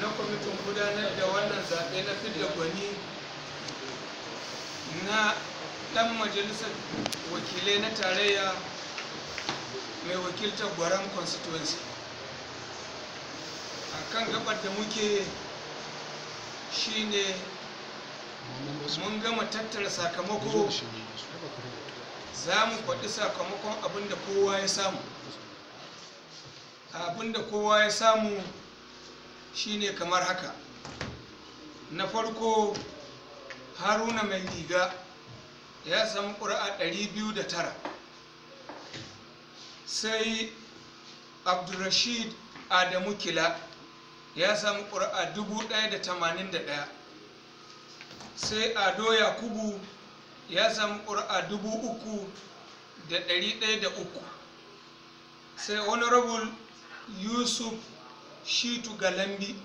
na kwamitin gudanar da wannan zaɓe na fidda gwani na ɗan majalisar wakilai na tarayya mai wakiltar gwaran constituency a kan gabar da muke shine mun gama tattara sakamako za mu faɗi sakamakon abinda kowa ya samu abinda kowa ya samu Shi ne kamar haka na farko haruna mai riga ya samu ƙura'a 209 sai abdulrashid adamu kila ya samu ƙura'a ɗaya, sai ado yakubu ya samu ƙura'a 3103 sai honorable yusuf shitu galambi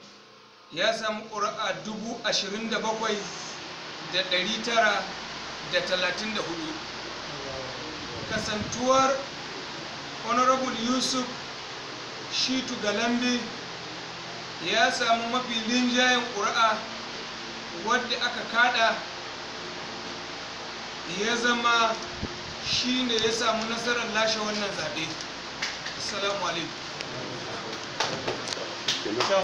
ya samu ƙura'a dubu ashirin da bakwai da ɗari tara da talatin da hudu kasantuwar honorable yusuf shitu galambi ya samu mafi linjayen ƙura'a wadda aka kada ya zama shi ne ya samu nasarar lashe wannan zaɓe assalamu alaikum Gracias.